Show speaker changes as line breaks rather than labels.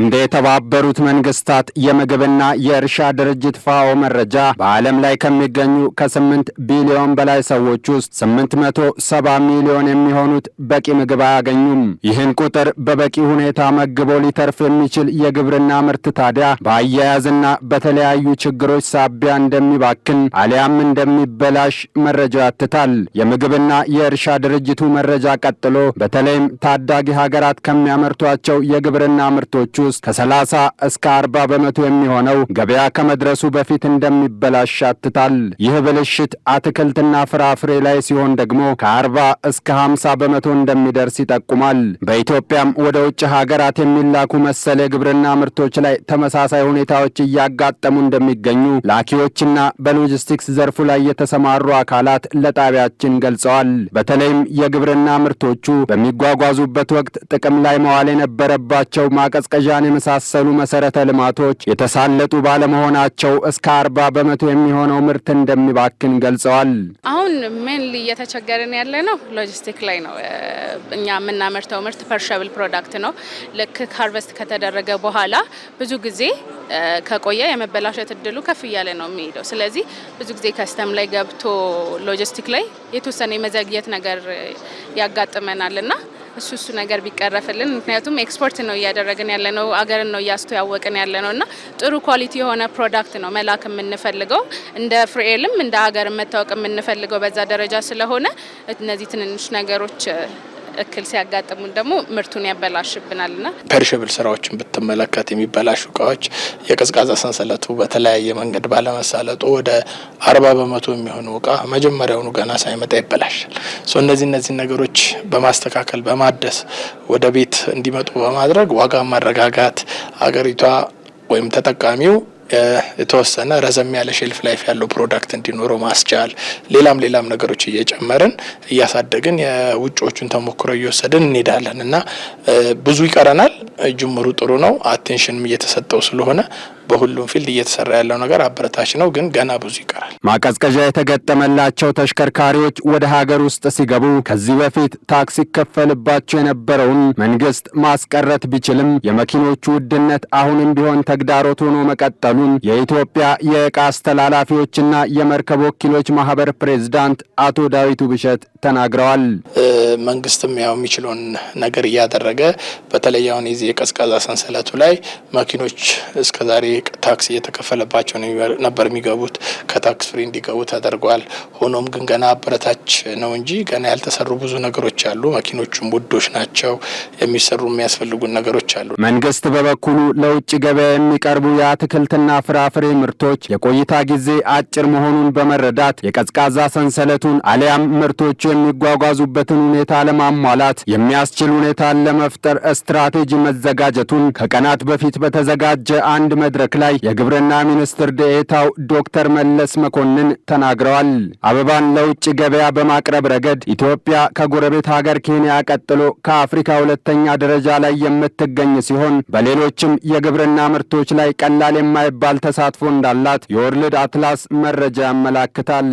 እንደ የተባበሩት መንግስታት የምግብና የእርሻ ድርጅት ፋኦ መረጃ በዓለም ላይ ከሚገኙ ከስምንት ቢሊዮን በላይ ሰዎች ውስጥ ስምንት መቶ ሰባ ሚሊዮን የሚሆኑት በቂ ምግብ አያገኙም። ይህን ቁጥር በበቂ ሁኔታ መግቦ ሊተርፍ የሚችል የግብርና ምርት ታዲያ በአያያዝና በተለያዩ ችግሮች ሳቢያ እንደሚባክን አሊያም እንደሚበላሽ መረጃው ያትታል። የምግብና የእርሻ ድርጅቱ መረጃ ቀጥሎ በተለይም ታዳጊ ሀገራት ከሚያመርቷቸው የግብርና ምርቶች ውስጥ ከ30 እስከ 40 በመቶ የሚሆነው ገበያ ከመድረሱ በፊት እንደሚበላሽ ያትታል። ይህ ብልሽት አትክልትና ፍራፍሬ ላይ ሲሆን ደግሞ ከ40 እስከ 50 በመቶ እንደሚደርስ ይጠቁማል። በኢትዮጵያም ወደ ውጭ ሀገራት የሚላኩ መሰል የግብርና ምርቶች ላይ ተመሳሳይ ሁኔታዎች እያጋጠሙ እንደሚገኙ ላኪዎችና በሎጂስቲክስ ዘርፉ ላይ የተሰማሩ አካላት ለጣቢያችን ገልጸዋል። በተለይም የግብርና ምርቶቹ በሚጓጓዙበት ወቅት ጥቅም ላይ መዋል የነበረባቸው ማቀዝቀዣ መጸዳጃን የመሳሰሉ መሰረተ ልማቶች የተሳለጡ ባለመሆናቸው እስከ አርባ በመቶ የሚሆነው ምርት እንደሚባክን ገልጸዋል።
አሁን ሜንሊ እየተቸገርን ያለ ነው ሎጂስቲክ ላይ ነው። እኛ የምናመርተው ምርት ፐርሸብል ፕሮዳክት ነው። ልክ ሃርቨስት ከተደረገ በኋላ ብዙ ጊዜ ከቆየ የመበላሸት እድሉ ከፍ እያለ ነው የሚሄደው። ስለዚህ ብዙ ጊዜ ከስተም ላይ ገብቶ ሎጂስቲክ ላይ የተወሰነ የመዘግየት ነገር ያጋጥመናል እና እሱ እሱ ነገር ቢቀረፍልን። ምክንያቱም ኤክስፖርት ነው እያደረግን ያለ ነው፣ አገርን ነው እያስተዋወቅን ያለ ነው እና ጥሩ ኳሊቲ የሆነ ፕሮዳክት ነው መላክ የምንፈልገው እንደ ፍሬኤልም እንደ ሀገር መታወቅ የምንፈልገው በዛ ደረጃ ስለሆነ እነዚህ ትንንሽ ነገሮች እክል ሲያጋጥሙን ደግሞ ምርቱን ያበላሽብናል ና
ፐርሽብል ስራዎችን ብትመለከት የሚበላሹ እቃዎች የቀዝቃዛ ሰንሰለቱ በተለያየ መንገድ ባለመሳለጡ ወደ አርባ በመቶ የሚሆኑ እቃ መጀመሪያውኑ ገና ሳይመጣ ይበላሻል። እነዚህ እነዚህ ነገሮች በማስተካከል በማደስ ወደ ቤት እንዲመጡ በማድረግ ዋጋ ማረጋጋት አገሪቷ ወይም ተጠቃሚው የተወሰነ ረዘም ያለ ሼልፍ ላይፍ ያለው ፕሮዳክት እንዲኖረው ማስቻል ሌላም ሌላም ነገሮች እየጨመርን እያሳደግን የውጮቹን ተሞክሮ እየወሰድን እንሄዳለን እና ብዙ ይቀረናል። ጅምሩ ጥሩ ነው። አቴንሽንም እየተሰጠው ስለሆነ በሁሉም ፊልድ እየተሰራ ያለው ነገር አበረታች ነው፣ ግን ገና ብዙ ይቀራል።
ማቀዝቀዣ የተገጠመላቸው ተሽከርካሪዎች ወደ ሀገር ውስጥ ሲገቡ ከዚህ በፊት ታክስ ይከፈልባቸው የነበረውን መንግስት ማስቀረት ቢችልም የመኪኖቹ ውድነት አሁንም ቢሆን ተግዳሮት ሆኖ መቀጠሉን የኢትዮጵያ የእቃ አስተላላፊዎችና የመርከብ ወኪሎች ማህበር ፕሬዝዳንት አቶ ዳዊቱ ብሸት ተናግረዋል።
መንግስትም ያው የሚችለውን ነገር እያደረገ በተለይ አሁን የዚህ የቀዝቃዛ ሰንሰለቱ ላይ መኪኖች እስከዛሬ ታክስ እየተከፈለባቸው ነበር የሚገቡት። ከታክስ ፍሪ እንዲገቡ ተደርጓል። ሆኖም ግን ገና አበረታች ነው እንጂ ገና ያልተሰሩ ብዙ ነገሮች አሉ። መኪኖቹም ውዶች ናቸው። የሚሰሩ የሚያስፈልጉን ነገሮች አሉ።
መንግስት በበኩሉ ለውጭ ገበያ የሚቀርቡ የአትክልትና ፍራፍሬ ምርቶች የቆይታ ጊዜ አጭር መሆኑን በመረዳት የቀዝቃዛ ሰንሰለቱን አሊያም ምርቶቹ የሚጓጓዙበትን ሁኔታ ለማሟላት የሚያስችል ሁኔታን ለመፍጠር ስትራቴጂ መዘጋጀቱን ከቀናት በፊት በተዘጋጀ አንድ መድረክ ላይ የግብርና ሚኒስትር ደኤታው ዶክተር መለ መለስ መኮንን ተናግረዋል። አበባን ለውጭ ገበያ በማቅረብ ረገድ ኢትዮጵያ ከጎረቤት ሀገር ኬንያ ቀጥሎ ከአፍሪካ ሁለተኛ ደረጃ ላይ የምትገኝ ሲሆን በሌሎችም የግብርና ምርቶች ላይ ቀላል የማይባል ተሳትፎ እንዳላት የወርልድ አትላስ መረጃ ያመላክታል።